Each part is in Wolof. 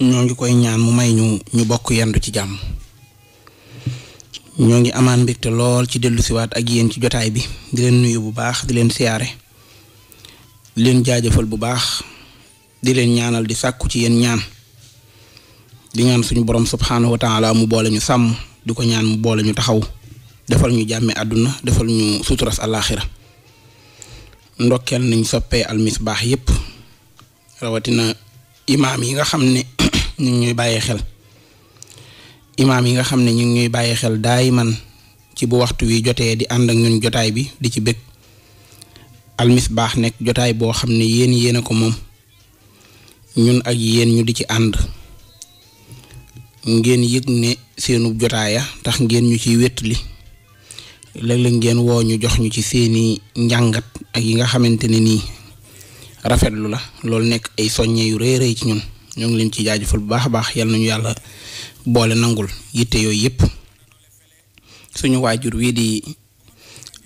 ñoo ngi koy ñaan mu may ñu ñu bokk yendu ci jàmm ñoo ngi amaan mbégte lool ci dellusiwaat ak yéen ci jotaay bi di leen nuyu bu baax di leen siyaare di leen jaajëfal bu baax di leen ñaanal di sàkku ci yéen ñaan di ñaan suñu boroom subxanahu wa taala mu boole ñu sàmm di ko ñaan mu boole ñu taxaw defal ñu jàmme àdduna defal ñu suturas àllaaxira ndokkeel nañ soppee almisbaax yépp rawatina imaam yi nga xam ne ñu ñuy bàyyi xel imaam yi nga xam ne ñu ngi ñuy bàyyi xel daay man ci bu waxtu wi jotee di ànd ak ñun jotaay bi di ci bëgg almisbaax nekk jotaay boo xam ne yéen yéen a ko moom ñun ak yéen ñu di ci ànd ngeen yëg ne seenu jotaaya tax ngeen ñu ciy wétali léeg-léeg ngeen woo ñu jox ñu ci seeni njàngat ak yi nga xamante ne nii rafetlu la loolu nekk ay soññe yu rëy rey ci ñun ñoo ngi leen ci jaajëfal bu baax a baax yal ñu yàlla boole nangul yitte yooyu yëpp suñu waajur wii di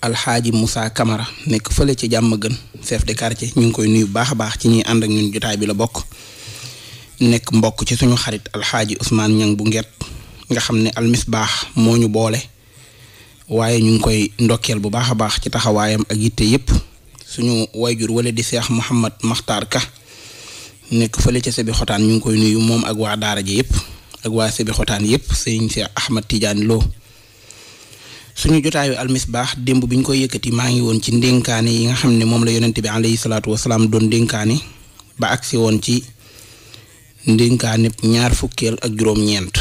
alxaaji Moussa kamara nekk fële ci jàmm gën chef de quartier ñu ngi koy nuyu baax a baax ci ñuy ànd ak ñun jotaay bi la bokk nekk mbokk ci suñu xarit alxaaji Ousmane Niang bu Nget nga xam ne baax moo ñu boole waaye ñu ngi koy ndokkeel bu baax a baax ci taxawaayam ak yitte yëpp suñu waajur wala di seex Mouhamad Makhtar Ka. nekk fële ca sebi xotaan ñu ngi koy nuyu moom ak waa daara ji yëpp ak waa sebi xotaan yëpp sëñ Cheikh Ahmad Tidiane Lo suñu jotaayu almisbaax démb bi ñu koy yëkkati maa ngi woon ci ndénkaane yi nga xam ne moom la yonent bi alayhi salaatu wasalaam doon ndénkaane ba agsi woon ci ndénkaane ñaar fukkeel ak juróom-ñeent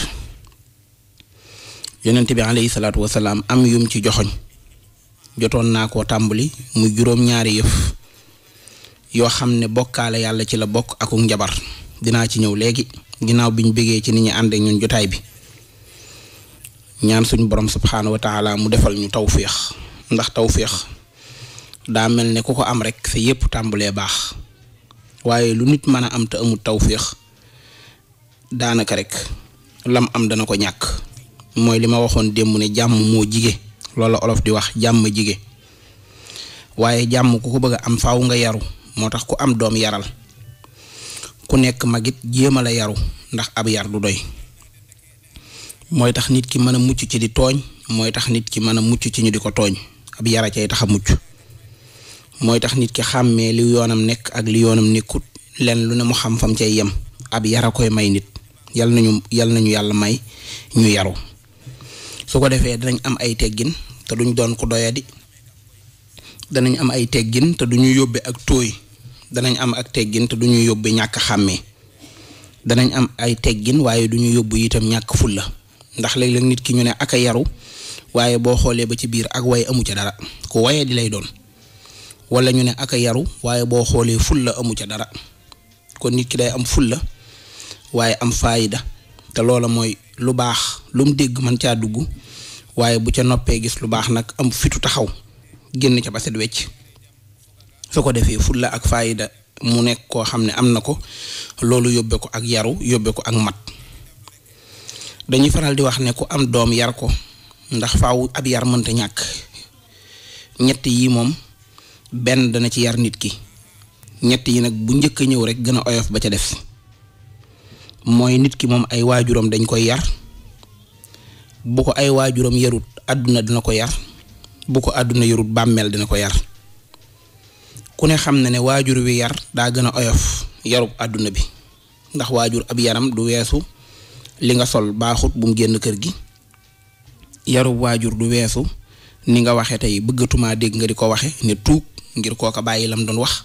yonent bi alayhi salaatu wasalaam am yum ci joxoñ jotoon naa koo tàmbali mu juróom-ñaari yëf yoo xam ne bokkaale yàlla ci la bokk akuk njabar dinaa ci ñëw léegi ginnaaw bi ñu bëggee ci nit ñu ànd ñun jotaay bi ñaan suñu borom subxanahu wa taala mu defal ñu tawféex ndax tawféex daa mel ne ku ko am rek sa yépp tàmbalee baax waaye lu nit mën a am te amul tawféex daanaka rek lam am dana ko ñàkk mooy li ma waxoon démb ne jàmm moo jige loola olof di wax jàmm jige waaye jàmm ku ko bëgg a am faaw nga yaru. moo tax ku am doom yaral ku nekk magit jéem a yaru ndax ab yar du doy mooy tax nit ki mën a mucc ci di tooñ mooy tax nit ki mën a mucc ci ñu di ko tooñ ab yara cay tax a mucc mooy tax nit ki xàmmee li yoonam nekk ak li yoonam nekkut lenn lu ne mu xam fam cay yem ab yara koy may nit yal nañu yal nañu yàlla may ñu yaru su ko defee dinañ am ay teggin te duñ doon ku doyadi danañ am ay teggin te du ñu yóbbee ak tóoy danañ am ak teggin te du ñu yóbbe ñàkk xàmmee danañ am ay teggin waaye du ñu yóbbu itam ñàkk fulla ndax léeg-léeg nit ki ñu ne ak yaru waaye boo xoolee ba ci biir ak way amu ca dara ku waye di lay doon wala ñu ne ak yaru waaye boo xoolee fulla amu ca dara kon nit ki day am fulla waaye am faayida te loola mooy lu baax lum dégg mën caa dugg waaye bu ca noppee gis lu baax nag am fitu taxaw génn ca baset wecc su ko defee fulla ak faayida mu nekk koo xam ne am na ko loolu yóbbe ko ak yaru yóbbe ko ak mat dañuy faral di wax ne ku am doom yar ko ndax faw ab yar mënta ñàkk ñett yi moom benn dana ci yar nit ki ñett yi nag bu njëkk a ñëw rek gën a oyof ba ca def mooy nit ki moom ay waajuram dañ koy yar bu ko ay waajuram yarut àdduna dina ko yar bu ko àdduna yorut bàmmeel dana ko yar ku ne xam na ne waajur wi yar daa gën a oyof yarub àdduna bi ndax waajur ab yaram du weesu li nga sol baaxut bu génn kër gi yarub waajur du weesu ni nga waxe tey bëggatumaa dégg nga di ko waxe ne tuug ngir kooka bàyyi lam doon wax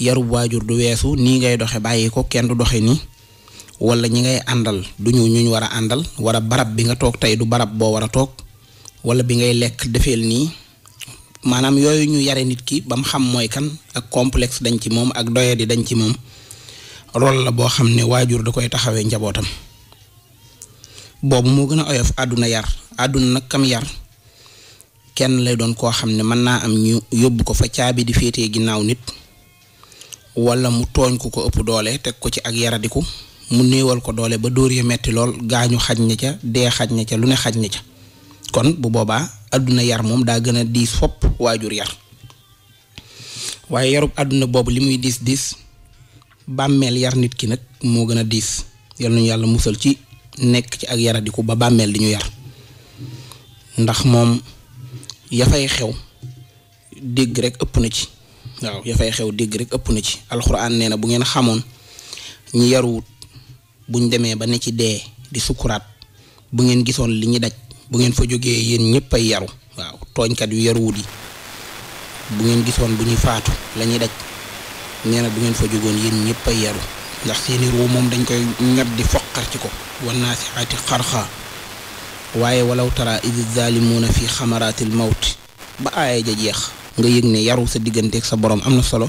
yarub waajur du weesu nii ngay doxe bàyyi ko kenn du doxe nii wala ñi ngay àndal du ñu ñu war a àndal wala barab bi nga toog tey du barab boo war a toog wala bi ngay lekk defeel nii maanaam yooyu ñu yare nit ki ba xam mooy kan ak complexe dañ ci moom ak doyadi dañ ci moom rôle la boo xam ne waajur da koy taxawee njabootam boobu moo gën a oyof àdduna yar àdduna nag kam yar kenn lay doon koo xam ne mën naa am ñu yóbbu ko fa caabi di féetee ginnaaw nit wala mu tooñ ku ko ëpp doole teg ko ci ak yaradiku mu néewal ko doole ba dóor ya metti lool gaañu xaj na ca dee xaj na ca lu ne xaj na ca kon bu boobaa àdduna yar moom daa gën a diis fopp waajur yar waaye yarub àdduna boobu li muy diis diis bàmmeel yar nit ki nag moo gën a diis yal nañu yàlla musal ci nekk ci ak yaradiku ba bàmmeel di ñu yar ndax moom yafay xew dégg rek ëpp na ci waaw yafay xew dégg rek ëpp na ci alxuraan nee na bu ngeen xamoon ñi yaruwut buñ demee ba ne ci dee di sukuraat bu ngeen gisoon li ñu daj bu ngeen fa jógee yéen ñëpp ay yaru waaw tooñkat yu yaruwut yi bu ngeen gisoon bu ñuy faatu lañuy ñuy daj bu ngeen fa jógoon yéen ñëpp ay yaru ndax seeni ruu moom dañ koy ñat di foqar ko wan naa si aati xarxaa waaye walaw tara idi zaalimuuna fi xamaraatil mawti ba aaya ja jeex nga yëg ne yaru sa digganteeg sa boroom am na solo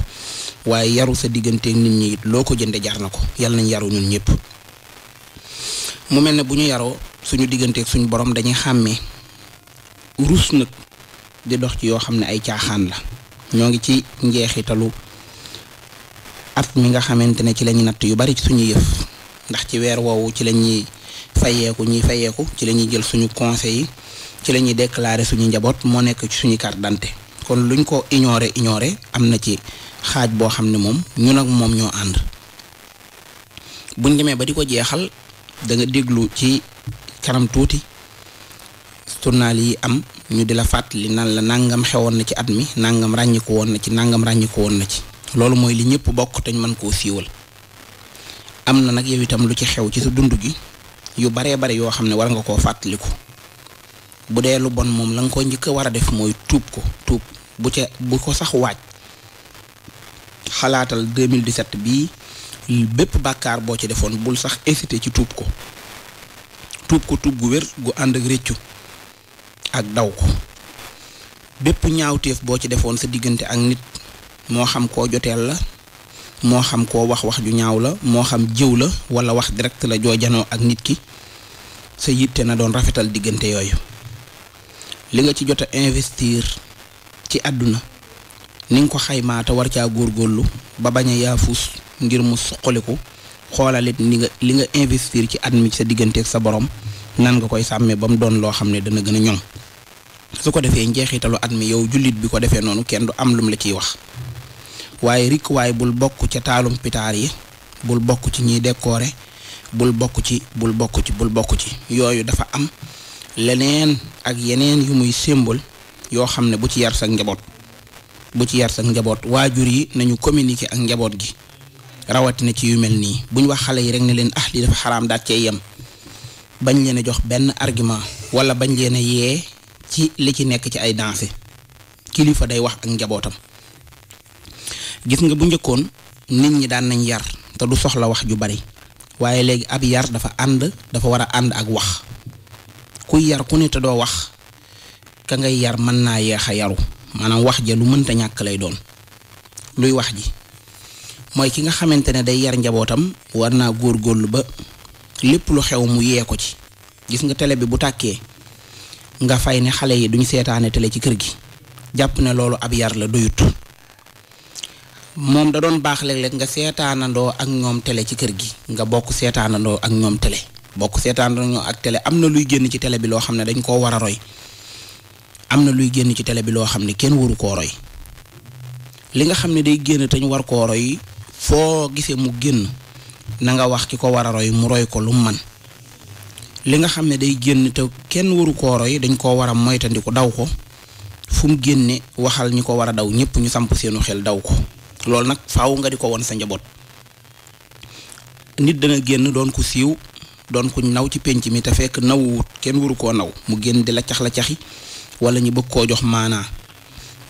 waaye yaru sa digganteeg nit ñi loo ko jënde jar na ko yàlla nañ yaru ñun ñëpp mu mel ne bu ñu yaroo suñu digganteeg suñu borom dañuy xàmmee ruus nag di dox ci yoo xam ne ay caaxaan la ñoo ngi ci njeexitalu at mi nga xamante ne ci lañuy natt yu bari ci suñu yëf ndax ci weer woowu ci lañuy fayeeku ñuy fayeeku ci la ñuy jël suñu conseil ci lañuy ñuy suñu njaboot moo nekk ci suñu carte d'identité kon luñ ko ignorer ignorer am na ci xaaj boo xam ne moom ñun ak moom ñoo ànd buñ demee ba di ko jeexal da déglu ci kanam tuuti journal yi am ñu di la fàttali nan la nangam xewoon na ci at mi nangam ràññiku woon na ci nangam ràññiku woon na ci loolu mooy li ñëpp bokk te ñu mën koo siiwal am na nag yow itam lu ci xew ci sa dund gi yu baree bare yoo xam ne war nga koo fàttaliku bu dee lu bon moom la nga ko njëkk war a def mooy tuub ko tuub bu ca bu ko sax waaj xalaatal 2017 bii bépp bàkkaar boo ci defoon bul sax hésité ci tuub ko tuub ko tuub gu wér gu ànd ak réccu ak daw ko bépp ñaawteef boo ci defoon sa diggante ak nit moo xam koo joteel la moo xam koo wax wax ju ñaaw la moo xam jëw la wala wax direct la joo janoo ak nit ki sa yitte na doon rafetal diggante yooyu li nga ci jot investir ci àdduna ni ko xaymaata te war caa góorlu ba bañ a yaafus ngir mu suqaliku xoolalit ni nga li nga investir ci at mi ci sa digganteeg sa borom nan nga koy sàmmee ba mu doon loo xam ne dana gën a ñoŋ su ko defee njeexitalu at mi yow jullit bi ko defee noonu kenn du am lum la ciy wax waaye rik waaye bul bokk ca taalum pitaar yi bul bokk ci ñiy décorer bul bokk ci bul bokk ci bul bokk ci yooyu dafa am leneen ak yeneen yu muy symbole yoo xam ne bu ci yar sa njaboot bu ci yar sa njaboot waajur yi nañu communiquer ak njaboot gi rawatina ci yu mel nii bu ñu wax xale yi rek ne leen ah li dafa xaraam daat cee yem bañ leen a jox benn argument wala bañ leen a yee ci li ci nekk ci ay danse kilifa day wax ak njabootam gis nga bu njëkkoon nit ñi daan nañ yar te du soxla wax ju bari waaye léegi ab yar dafa ànd dafa war a ànd ak wax kuy yar ku ne te doo wax ka ngay yar mën naa yeex a yaru maanaam wax ja lu mënta ñàkk lay doon luy wax ji mooy ki nga xamante ne day yar njabootam war naa góor góorlu ba lépp lu xew mu yee ko ci gis nga télé bi bu tàkkee nga fay ne xale yi duñ seetaane tele ci kër gi jàpp ne loolu ab yar la doyut moom da doon baax léeg lekk nga seetaanandoo ak ñoom tele ci kër gi nga bokk seetaanandoo ak ñoom télé bokk seetaanandoo ak télé am na luy génn ci télé bi loo xam ne dañ koo war a roy am na luy génn ci télé bi loo xam ne kenn waru koo roy li nga xam ne day génn te ñu war koo roy foo gisee mu génn na nga wax ki ko war a roy mu roy ko lum man li nga xam ne day génn te kenn waru koo roy dañ koo war a moytandiku daw ko fu génne waxal ñi ko war a daw ñëpp ñu samp seenu xel daw ko loolu nag faaw nga di ko won sa njaboot nit dana génn doon ko siiw doon ku naw ci pénc mi te fekk nawut kenn waru koo naw mu génn di la cax la caxi wala ñu bëgg koo jox maanaa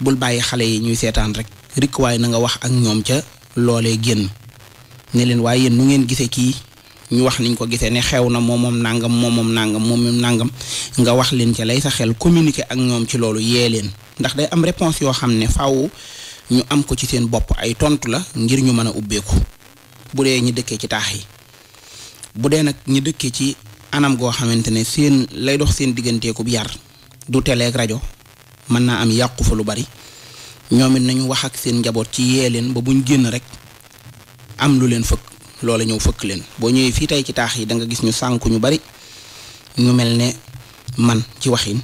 bul bàyyi xale yi ñuy seetaan rek rikk waaye na nga wax ak ñoom ca loolee génn ne leen waaye yéen nu ngeen gisee kii ñu wax niñ ko gisee ne xew na moom moom nangam moom moom nangam moom nangam nga wax leen ca lay sa xel communiquer ak ñoom ci loolu yee leen ndax day am réponse yoo xam ne faw ñu am ko ci seen bopp ay tontu la ngir ñu mën a ubbeeku bu dee ñi dëkkee ci taax yi bu dee nag ñi dëkkee ci anam goo xamante ne seen lay dox seen digganteeku bu yar du teleeg rajo mën naa am yàqu fa lu bari ñoom it nañu wax ak seen njaboot ci yee leen ba buñ génn rek am lu leen fëkk loola ñëw fëkk leen boo ñëwee fii tey ci taax yi da nga gis ñu sànku ñu bari ñu mel ne man ci waxin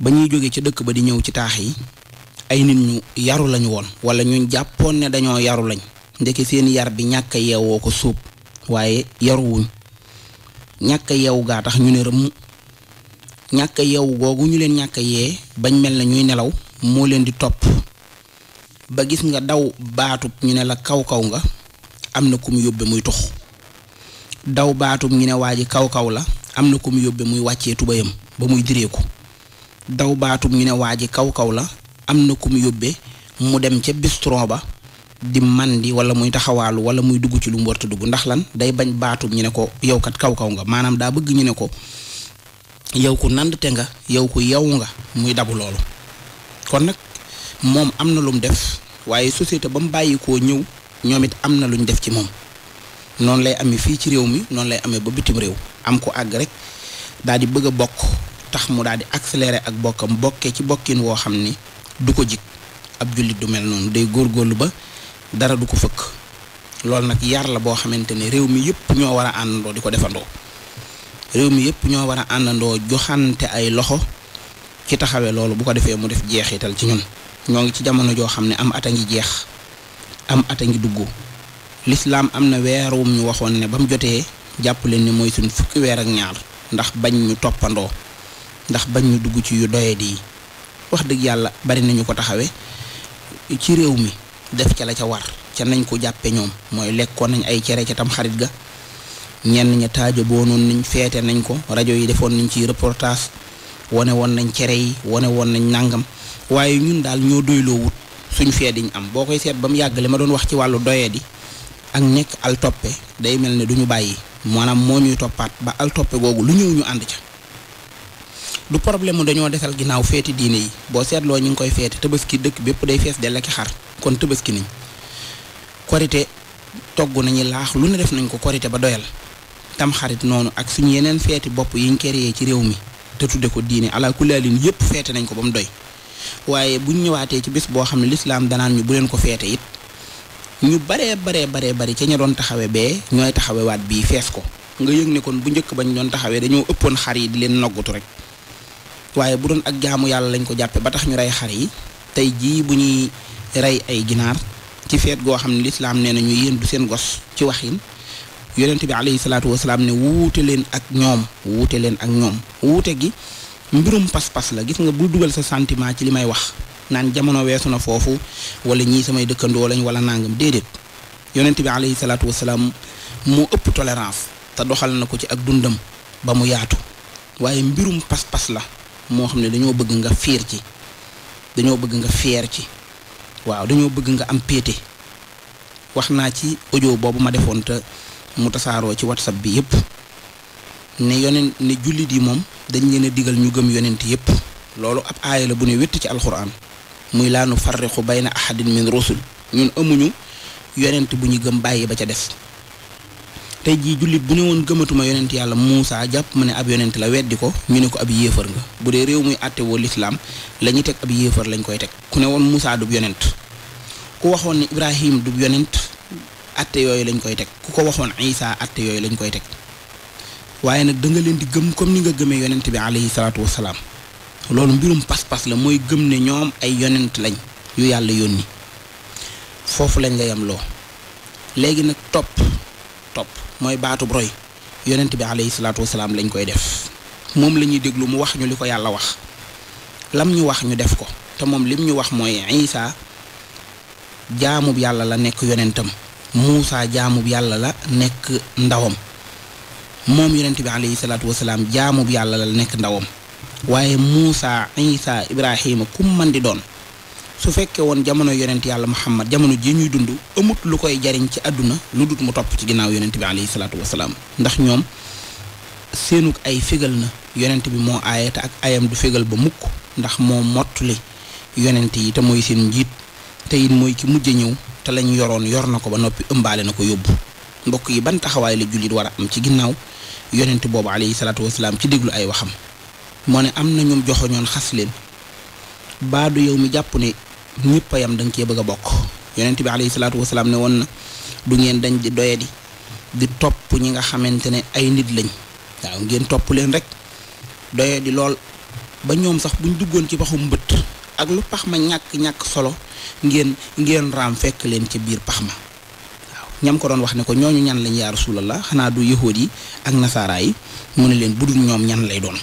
ba ñuy jóge ci dëkk ba di ñëw ci taax yi ay nit ñu yaru lañu woon wala ñu jàppoon ne dañoo yaru lañ ndeke seen yar bi ñàkk a ko suub waaye yaruwuñ ñàkk a yeewu gaa tax ñu ne rëmm ñàkk a googu ñu leen ñàkk yee bañ mel ne ñuy nelaw moo leen di topp ba gis nga daw baatub ñu ne la kaw-kaw nga am na ku mu muy tox daw baatub ñu ne waaji kaw-kaw la am na ku mu muy wàccee tubayam ba muy direeku daw baatub ñu ne waa ji kaw-kaw la am na ku mu mu dem ca bistron ba di mandi wala muy taxawaalu wala muy dugg ci lu mu war a dugg ndax lan day bañ baatub ñu ne ko yow kaw-kaw nga maanaam daa bëgg ñu ne ko yow ku nand te nga yow ku yow nga muy dabu loolu kon nag moom am na lu mu def waaye société ba mu bàyyi koo ñëw ñoom it am na lu ñu def ci moom noonu lay amee fii ci réew mi noonu lay amee ba bitim réew am ko àgg rek daal di bëgg a bokk tax mu daal di accélérer ak bokkam bokke ci bokkin woo xam ni du ko jig ab jullit du mel noonu day góor góorlu ba dara du ko fëkk loolu nag yar la boo xamante ne réew mi yëpp ñoo war a àndandoo di ko defandoo réew mi yëpp ñoo war a àndandoo joxante ay loxo ci taxawe loolu bu ko defee mu def jeexital ci ñun ñoo ngi ci jamono joo xam ne am at a ngi jeex am at a ngi dugg lislaam am na weerum ñu waxoon ne ba mu jotee jàpp leen ni mooy suñ fukki weer ak ñaar ndax bañ ñu toppandoo ndax bañ ñu dugg ci yu doyadi yi wax dëgg yàlla bari nañu ko taxawee ci réew mi def ca la ca war ca nañ ko jàppe ñoom mooy lekkoon nañ ay cere ca tam xarit ga ñenn ña taajo boonoon nañ feete nañ ko rajo yi defoon nañ ci reportage wane woon nañ cere yi wane woon nañ nàngam waaye ñun daal ñoo doyloo wut suñ fee diñ am boo koy seet ba mu yàgg li ma doon wax ci wàllu doyee di ak nekk al toppe day mel ne du ñu bàyyi maanaam moo ñuy toppaat ba al toppe googu lu ñëw ñu ànd ca du problème mu dañoo desal ginnaaw feeti diine yi boo seetloo ñu ngi koy feeti tabaski dëkk bépp day fees dell ak xar kon tabaski nañ korite togg nañu laax lu ne def nañ ko korite ba doyal tam xarit noonu ak suñu yeneen feeti bopp yiñ créé ci réew mi te ko diine ala kulaalin yépp feete nañ ko ba mu doy waaye buñ ñëwaatee ci bis boo xam ne lislaam danaan ñu bu leen ko feete it ñu baree baree baree bari ca ña doon taxawe bee ñooy taxawewaat bii fees ko nga yëg ne kon bu njëkk bañ doon taxawee dañoo ëppoon xar yi di leen noggutu rek waaye bu doon ak jaamu yàlla lañ ko jàppe ba tax ñu rey xar yi tey jii bu ñuy rey ay ginaar ci feet goo xam ne lislaam nee na ñu yéen du seen gos ci waxin yonent bi alayhi salaatu wasalaam ne wuute leen ak ñoom wuute leen ak ñoom wuute gi mbirum pas-pas la gis nga bul dugal sa santiment ci li may wax naan jamono weesu na foofu wala ñii samay dëkkandoo lañ wala nangam déedéet yonent bi alayhi salaatu wasalaam moo ëpp tolérance te doxal na ko ci ak dundam ba mu yaatu waaye mbirum pas-pas la moo xam ne dañoo bëgg nga fiir ci dañoo bëgg nga fier ci waaw dañoo bëgg nga am péete wax naa ci ojo boobu ma defoon te mu tasaaroo ci whatsapp bi yépp ne yonent ne jullit yi moom dañ leen a digal ñu gëm yonent yépp loolu ab aaya la bu ne wétt ci alxuraan muy laa nu farriqu bayna ahadin min rusul ñun amuñu yonent bu ñu gëm bàyyi ba ca def tey jii jullit bu ne woon gëmatuma yonent yàlla musaa jàpp ma ne ab yonent la weddi ko ñu ne ko ab yéefar nga bu dee réew muy àtte woo lislaam la teg ab yéefar lañ koy teg ku ne woon Muusa dub yonent ku waxoon ne Ibrahim dub yonent àtte yooyu lañ koy teg ku ko waxoon Isa àtte yooyu lañ koy teg waaye nag da leen di gëm comme ni nga gëmee yonent bi alayhi salaatu wasalaam loolu mbirum pas-pas la mooy gëm ne ñoom ay yonent lañ yu yàlla yónni foofu lañ la yam loo léegi nag topp topp mooy baatub roy yonent bi alayhi salaatu wasalaam lañ koy def moom la ñuy déglu mu wax ñu li ko yàlla wax lam ñu wax ñu def ko te moom lim ñu wax mooy Isa jaamub yàlla la nekk yonentam Muusa jaamub yàlla la nekk ndawam moom yonent bi alayhi salaatu wasalaam jaamu yàlla la nekk ndawam waaye Muusa Isa Ibrahima ku man di doon su fekkee woon jamono yonent yàlla Muhammad jamono ji ñuy dund amut lu koy jariñ ci àdduna lu dut mu topp ci ginnaaw yonent bi alayhi salaatu wasalaam ndax ñoom seenuk ay fégal na bi moo aaye ak ayam du fégal ba mukk ndax moo mottali yonent yi te mooy seen njiit te it mooy ki mujje ñëw te lañu yoroon yor na ko ba noppi ëmbaale na ko yóbbu mbokk yi ban taxawaay la jullit war a am ci ginnaaw yonent boobu alayhi salaatu wasalaam ci déglu ay waxam moo ne am na ñum joxoñoon xas leen baadu yow mi jàpp ne ñëpp a yam da nga cee bëgg a bokk yonent bi alayhi salaatu wasalaam ne woon na du ngeen dañ di doye di di topp ñi nga xamante ne ay nit lañ waaw ngeen topp leen rek doye di lool ba ñoom sax buñ duggoon ci waxu mbëtt ak lu pax ma ñàkk ñàkk solo ngeen ngeen raam fekk leen ca biir pax ma ñam ko doon wax ne ko ñooñu ñan lañ yaa rasulallah xanaa du yahood yi ak nasaara yi mu ne leen bu dul ñoom ñan lay doon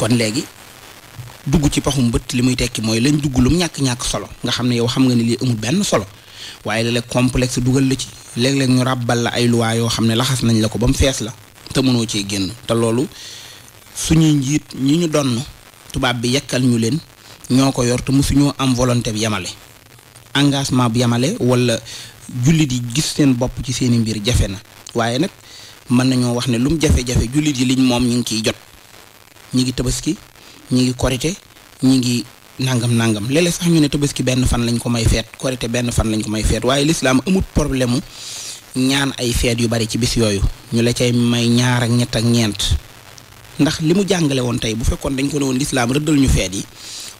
kon léegi dugg ci paxum bët li muy tekki mooy lañ dugg lum ñàkk-ñàkk solo nga xam ne yow xam nga ne lii amul benn solo waaye léeg-léeg complexe dugal la ci léeg-léeg ñu ràbbal la ay luwaa yoo xam ne laxas nañ la ko ba mu fees la te mënoo cee génn te loolu suñuy njiit ñi ñu donn tubaab bi yekkal ñu leen ñoo ko yor te mosuñoo am volonté bi yemale engagement bi yemale wala jullit yi gis seen bopp ci seen i mbir jafe na waaye nag mën nañoo wax ne lum jafe-jafe jullit yi liñ moom ñu ngi ciy jot ñi ngi tabaski ñu ngi korite ñu ngi nangam nangam léeg sax ñu ne tabaski benn fan lañ ko may feet korite benn fan lañ ko may feet waaye lislaam amut problème mu ñaan ay feet yu bari ci bis yooyu ñu la cay may ñaar ak ñett ak ñeent ndax li mu jàngale woon tey bu fekkoon dañ ko ne woon lislaam rëddal ñu feet yi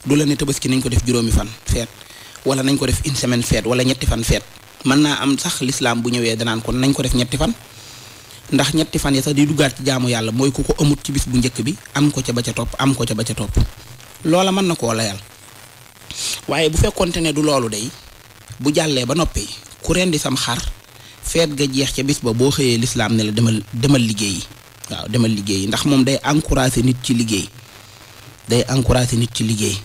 du la ne tabaski nañ ko def juróomi fan feet wala nañ ko def une semaine feet wala ñetti fan feet mën naa am sax lislaam bu ñëwee danaan kon nañ ko def ñetti fan ndax ñetti fan ya sax di duggaat ci jaamu yàlla mooy ku ko amut ci bis bu njëkk bi am ko ca ba ca topp am ko ca ba ca topp loola mën na koo layal waaye bu fekkonte ne du loolu day bu jàllee ba noppi ku rendi sam xar feet ga jeex ca bis ba boo xëyee lislaam ne la demal demal liggéeyi waaw demal liggéeyi ndax moom day encouragé nit ci liggéey day encouragé nit ci liggéey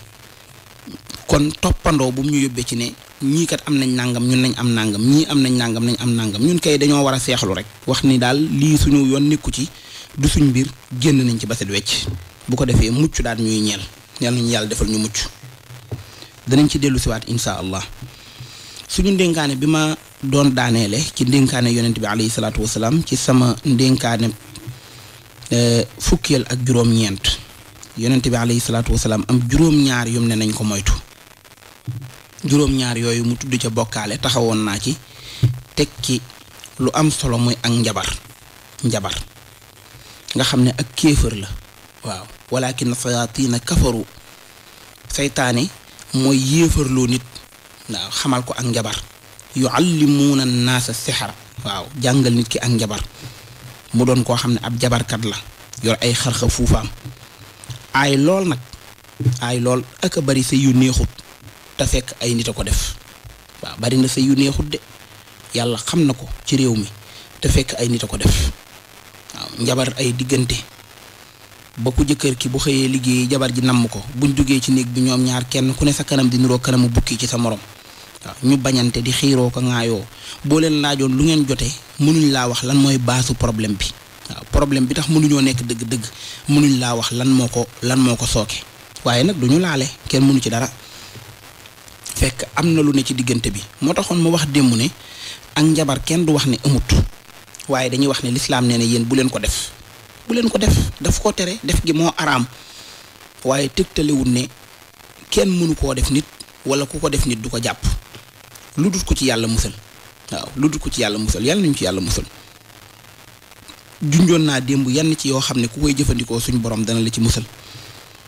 kon toppandoo bu mu ñu yóbbee ci ne ñii kat am nañ nàngam ñun nañ am nàngam ñii am nañ nàngam nañ am nàngam ñun kay dañoo war a seexlu rek wax ni daal lii suñu yoon nekku ci du suñ mbir génn nañ ci baset wecc bu ko defee mucc daal ñuy ñeel yàlla nañu yàlla defal ñu mucc danañ ci dellu siwaat insha allah suñu ndénkaane bi ma doon daaneele ci ndénkaane yonent bi alayhi salaatu wasalaam ci sama ndénkaane eh, fukkeel ak juróom-ñeent yonent bi alayhi salaatu wasalaam am juróom-ñaar yum ne nañ ko moytu juróom-ñaar yooyu mu tudd ca bokkaale taxawoon naa ci ki lu am solo muy ak njabar njabar nga xam ne ak kéefër la waaw walakin sayaatina kafaru seytaane mooy yéefarloo nit waaw xamal ko ak njabar yu yuallimuuna naasa sixar waaw jàngal nit ki ak njabar mu doon koo xam ne ab jabarkat la yor ay xarxa fuufaam aay lool nag aay lool ak a bari sa yu neexut te fekk ay nit a ko def waaw bari na sa yu neexut de yàlla xam na ko ci réew mi te fekk ay nit a ko def waaw njabar ay diggante ba ku jëkkër ki bu xëyee liggéey jabar ji namm ko buñ jugee ci néeg bi ñoom ñaar kenn ku ne sa kanam di niroo kanamu bukki ci sa moroom waaw ñu bañante di xiiroo ko ŋaayoo boo leen naajoon lu ngeen jotee mënuñ laa wax lan mooy baasu problème bi waaw problème bi tax mënuñoo nekk dëgg-dëgg mënuñ laa wax lan moo ko lan moo ko sooke fekk am na lu ne ci diggante bi moo taxoon ma wax démb ne ak njabar kenn du wax ne amut waaye dañuy wax ne lislaam nee na yéen bu leen ko def bu leen ko def daf ko tere def gi moo araam waaye tëgtalewul ne kenn mënu koo def nit wala ku ko def nit du ko jàpp lu dul ko ci yàlla musal waaw lu dul ko ci yàlla musal yàlla nañu ci yàlla musal junjoon naa démb yenn ci yoo xam ne ku koy jëfandikoo suñu borom dana la ci musal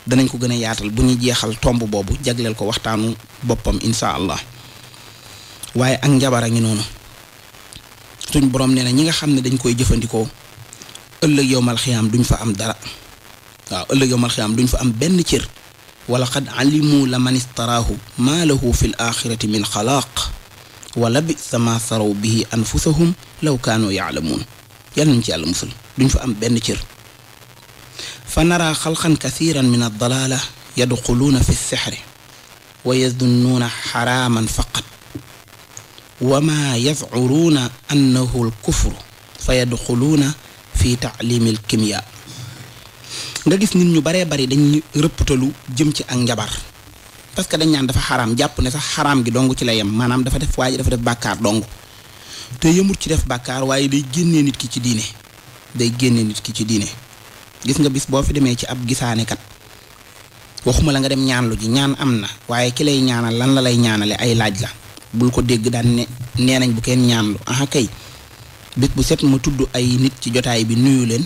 danañ ko gën a yaatal bu ñu jeexal tomb boobu jagleel ko waxtaanu boppam insha allah waaye ak njabar a ngi noonu suñ borom nee na ñi nga xam ne dañ koy jëfandikoo ëllëg yowmal xiyaam duñ fa am dara waaw ëllëg yowmal xiyaam duñ fa am benn cër wala qad alimu la man istaraahu maa lahu fi l axirati min xalaaq wala bi sama saraw bihi anfusahum law kaanoo yaalamuun yàlla nañ ci yàlla musal duñ fa am benn cër fa naraa xalqan kathiran min aldalaala yadxuluuna fi lsixri wa yadunnuuna xaraaman faqat wa maa yascuruuna annahu lkufru fa yadxuluuna fi tacliimi lkimya nga gis nit ñu baree bari dañ rëpptalu jëm ci ak njabar parce que dañ naan dafa xaraam jàpp ne sax xaraam gi dong ci la yem maanaam dafa def waa dafa def bàkkaar dong te yëmut ci def bàkkaar waaye day génnee nit ki ci diine day génnee nit ki ci diine gis nga bis boo fi demee ci ab kat waxuma la nga dem ñaanlu ji ñaan am na waaye ki lay ñaanal lan la lay ñaanale ay laaj la bul ko dégg daan ne nee nañ bu kenn ñaanlu aha kay bis bu set ma tudd ay nit ci jotaay bi nuyu leen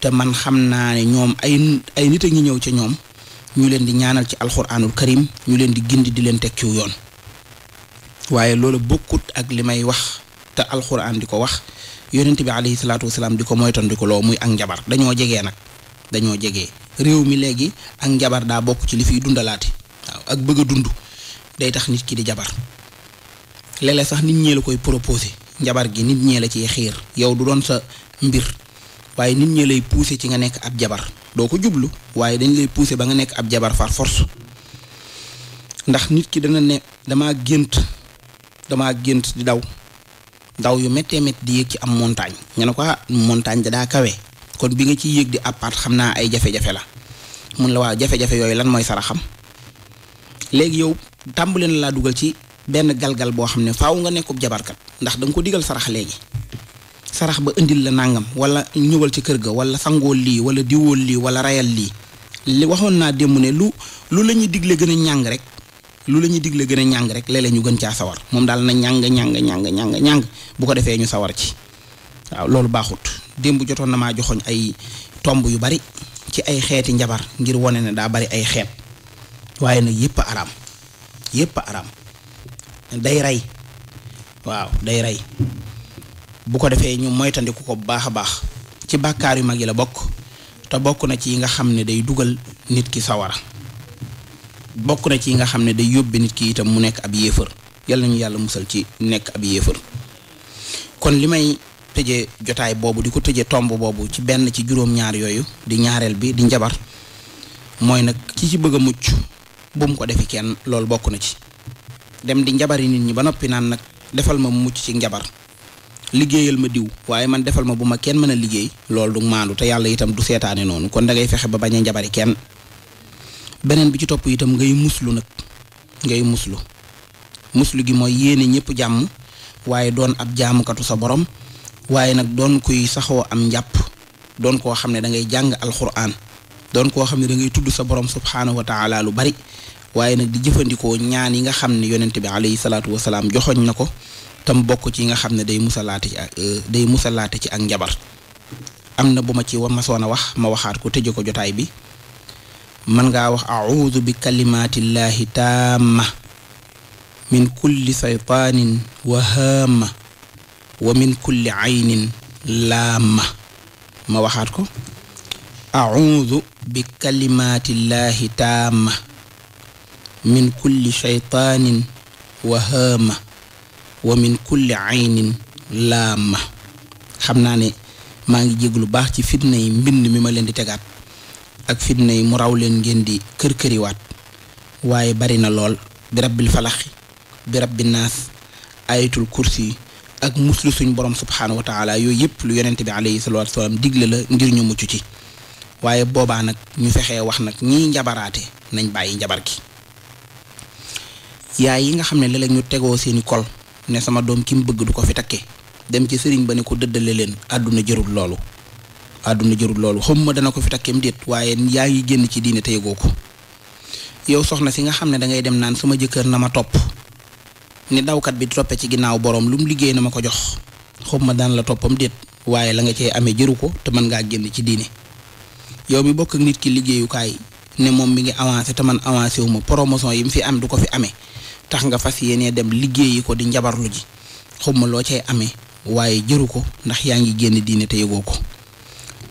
te man xam naa ne ñoom ay ay nit a ngi ñëw ca ñoom ñu leen di ñaanal ci alxuraanul karim ñu leen di gindi di leen teg ciw yoon waaye loolu bokkut ak li may wax te alxuraan di ko wax yonent bi alayhi salaatu wasalaam di ko moytandiku muy ak njabar dañoo jegee nag dañoo jege réew mi léegi ak njabar daa bokk ci li fiy dundalaate ak bëgg a dund day tax nit ki di jabar léeg sax nit ñee la koy proposé njabar gi nit ñee la ciy xiir yow du doon sa mbir waaye nit ñee lay poussé ci nga nekk ab jabar doo ko jublu waaye dañ lay poussé ba nga nekk ab jabar far force ndax nit ki dana ne damaa gént damaa gént di daw daw yu méttee métti di yéeg ci am montagne nga ne ko ah, montagne da daa kawe kon bi nga ci yéeg di appart xam naa ay jafe-jafe la mun la waaw jafe-jafe yooyu lan mooy saraxam léegi yow tàmbali na laa dugal ci benn galgal boo xam ne faaw nga nekkub jabarkat ndax da ko digal sarax léegi sarax ba indil la nangam wala ñëwal ci kër ga wala sangoo lii wala diwool lii wala rayal lii li waxoon naa démb ne lu lu la ñuy digle gën a ñàng rek lu la ñuy digle gën a ñàng rek léeg ñu gën caa sawar moom daal na ñàng ñàng ñàng ñàng ñàng bu ko defee ñu sawar ci waaw loolu baaxut démb jotoon na maa joxoñ ay tomb yu bari ci ay xeeti njabar ngir wane ne daa bari ay xeet waaye nag yépp a araam yépp a araam day rey waaw day rey bu ko defee ñu moytandiku ko bu baax a baax ci bàkkaar yu mag yi la bokk te bokk na ci yi nga xam ne day dugal nit ki sawara bokk na ci yi nga xam ne day yóbbe nit ki itam mu nekk ab yéefar yal nañu yàlla musal ci nekk ab yéefar kon li may tëje jotaay boobu di ko tëje tomb boobu ci benn ci juróom-ñaar yooyu di ñaareel bi di njabar mooy nag ki ci bëgg a mucc bu mu ko defi kenn loolu bokk na ci dem di njabari nit ñi ba noppi naan nag defal ma mucc ci njabar liggéeyal ma diw waaye man defal ma bu ma kenn mën a liggéey loolu du maandu te yàlla itam du seetaane noonu kon fexe ba bañ a njabari kenn beneen bi ci topp itam ngay muslu nag ngay muslu muslu gi mooy yéene ñëpp jàmm waaye doon ab jaamukatu sa borom waaye nag doon kuy saxoo am njàpp doon koo xam ne da ngay jàng alxuraan doon koo xam ne da ngay tudd sa borom subhaanahu wa taala lu bari waaye nag di jëfandikoo ñaan yi nga xam ne yonent bi alayhi salaatu wa salaam joxoñ na ko tam bokk ci yi nga xam ne day musalaate ci ak euh, day musalaate ci ak njabar am na bu ma ci wa masoon a wax ma waxaat ko tëje ko jotaay bi man ngaa wax audu bi kalimaatillahi taamma min kulli saytaanin wa haama wa min kulli aynin laamma ma waxaat ko audu bi kalimaatillahi taamma min kulli saytaanin wa haama wa min kulli aynin laamma xam naa ne maa ngi jéglu baax ci fitna yi mbind mi ma leen di tegaat ak fitna yi mu raw leen ngeen di kër këriwaat waaye bari na lool bi rabbil falaxi bi rabbi naas ayatul kursi ak muslu suñ borom subxanahu wa yooyu yëpp lu yonent bi alayhi salaatu wasalaam digle la ngir ñu mucc ci waaye boobaa nag ñu fexe wax nag ñii njabaraate nañ bàyyi njabar gi. yaay yi nga xam ne léeg ñu tegoo seeni kol ne sama doom ki mu bëgg du ko fi takke dem ci sëriñ ba ne ko dëddale leen àdduna jërul loolu. àdduna jërul loolu xamuma dana ko fi takkeem déet waaye yaa ngi génn ci diine te yëgoo ko yow soxna si nga xam ne da ngay dem naan sama jëkkër na ma topp ni dawkat bi toppe ci ginnaaw boroom lu mu liggéey na ma ko jox ma daan la toppam déet waaye la nga cee amee jëru ko te mën ngaa génn ci diine yow bi bokk nit ki liggéeyukaay ne moom mi ngi avancé te man avancé wu ma promotion yi mu fi am du ko fi amee tax nga fas yéenee dem liggéeyi ko di njabarlu ji xamuma loo cay amee waaye jëru ndax yaa ngi génn diine te yëgoo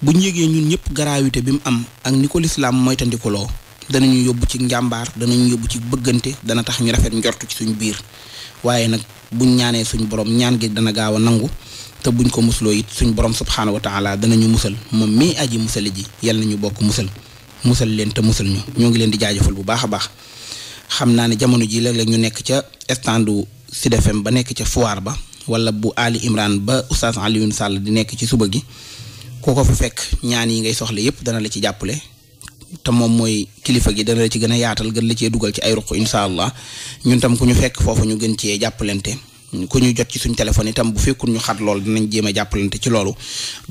bu ñu yëgee ñun ñëpp gravité bi mu am ak ni ko lislaam moytandikuloo danañu yóbbu ci njàmbaar danañu yóbbu ci bëggante dana tax ñu rafet njortu ci suñu biir waaye nag buñ ñaanee suñu borom ñaan gi dana gaaw a nangu te buñ ko musloo it suñu borom subxanahu wa taala danañu musal moom mii aji musali ji yal nañu bokk musal musal leen te musal ñu ñoo ngi leen di jaajëfal bu baax a baax xam naa ne jamono ji léeg-léeg ñu nekk ca standu Sud FM ba nekk ca foire ba wala bu Ali Imran ba Oustaz Alioune Sall di nekk ci suba gi. ku ko fa fekk ñaan yi ngay soxla yëpp dana la ci jàppale te moom mooy kilifa gi dana la ci gën a yaatal gën la cee dugal ci ay ruq incha allah ñun tam ku ñu fekk foofu ñu gën cee jàppalante ku ñu jot ci suñ téléphone itam bu fekkul ñu xat lool dinañ jéem a jàppalante ci loolu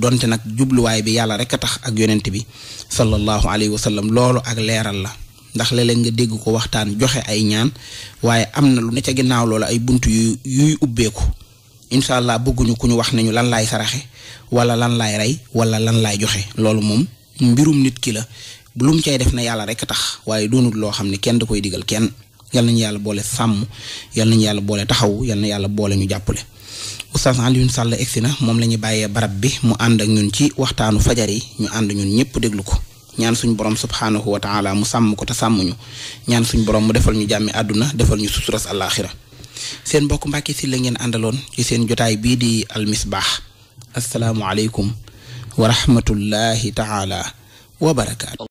donte nag jubluwaay bi yàlla rek a tax ak yonent bi sallallahu alayhi wa sallam loolu ak leeral la ndax léeg nga dégg ko waxtaan joxe ay ñaan waaye am na lu ne ca ginnaaw loolu ay bunt yu yuy ubbeeku. incha allah bëgguñu ku ñu wax nañu lan laay saraxe wala lan laay rey wala lan laay joxe loolu moom mbirum nit ki la lu mu cay def na yàlla rek tax waaye doonut loo xam ne kenn da koy digal kenn yal ñu yàlla boole sàmm yal yàlla boole taxawu yal yàlla boole ñu jàppale. Oustaz Alioune Sall egsi na moom la ñu bàyyee barab bi mu ànd ak ñun ci waxtaanu fajar yi ñu ànd ñun ñëpp déglu ko. ñaan suñu borom subhaanahu wa taala mu sàmm ko te sàmmuñu ñaan suñu borom mu defal ñu jàmmi àdduna defal ñu suturas àllaaxira seen mbokk Mbacke Sylla ngeen àndaloon ci seen jotaay bii di almisbaax asalaamualeykum wa rahmatullahi taala wa barakaatu